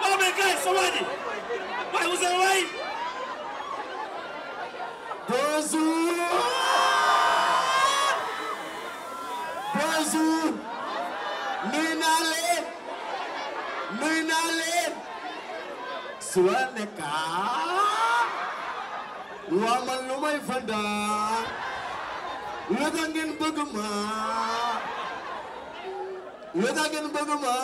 waaw mais gars sa waa ji waaye Ouzin waay bonjour bonjour nuyu naa leen nuyu naa leen suwaa nekka waa man lu may fanda lu tax bëgg ma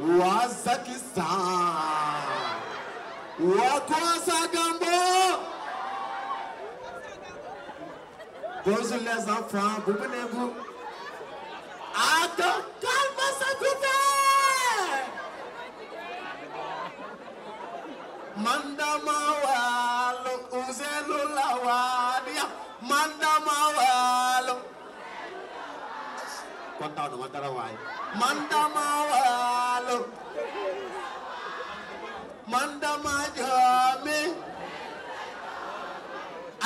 wa Zakistan wa Kouassagambo bonjour les enfants bu beneen bu attends calme sa gudde mandama walo uzelu lawadiya mandama walo kontaan na ma dara waay mandama walo lor man dama jaami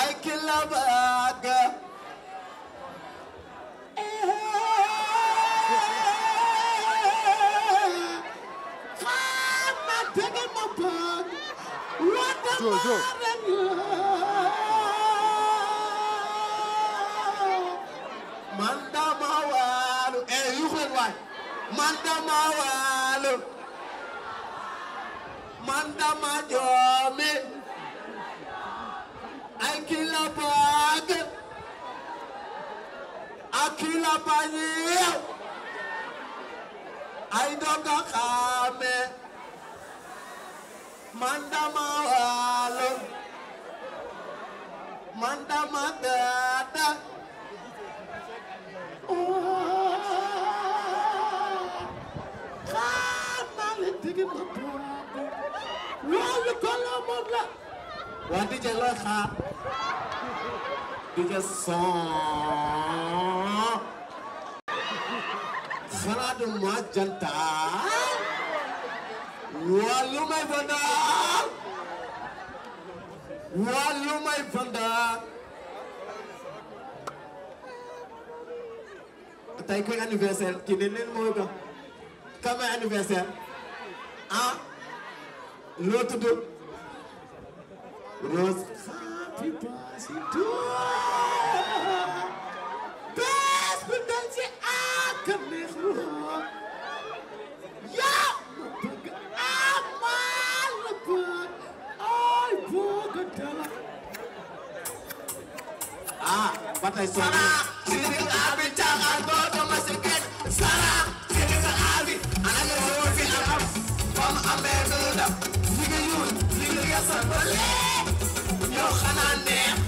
ay kilabaaga Joe, Joe. Man, da ma walu. Eh, you can why? man dama waalo man dama joomi ay kila baag ak kila bañiiw ay doga xaame man dama waalo man dama daata moom la waa DJ looy xaar DJ son faraadu ma jantaa waa lu may fandaar waa lu may fandaar tey kuy anniversaire kii ne leen moo gën anniversaire ah loo Rose happy birthday to bés bu dal ci ak neex lu yaa ma bëgg amal la bëgg ay bëgg dala ah ba tey soxna sidi abi caxal dooto ma si gëj sara sidi abi ana nga woon fi am am comme amee du dam liggéeyul liggéey sa bële yow xanaa neex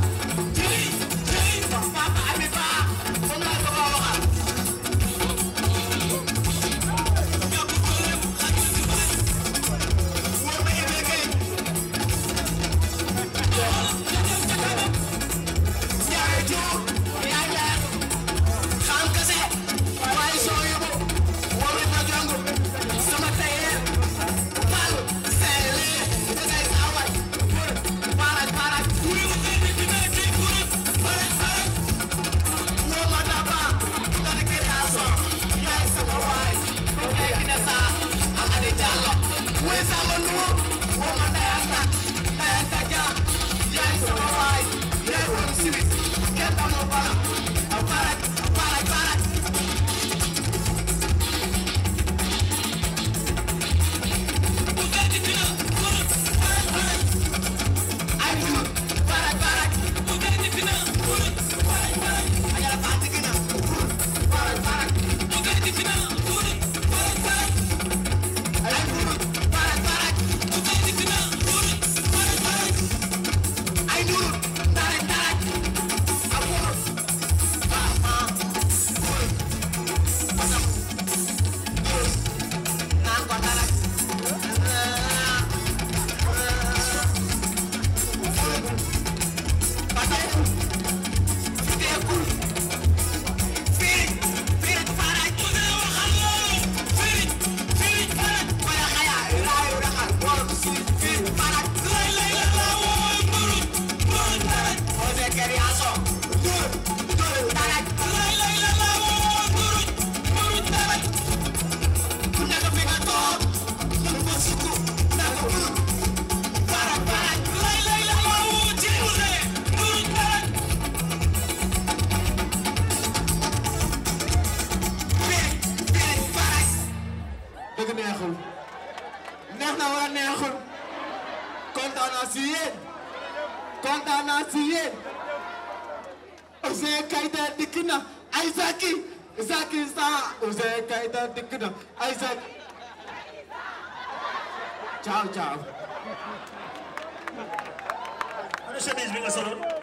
Esa kontaan naa si yéen kontaan naa si yéen Ouzin Keita dikk na ay Zaki Zaki sa Ouzin Keita dikk na ay Zaki ciao ciao ana chemise bi nga soloon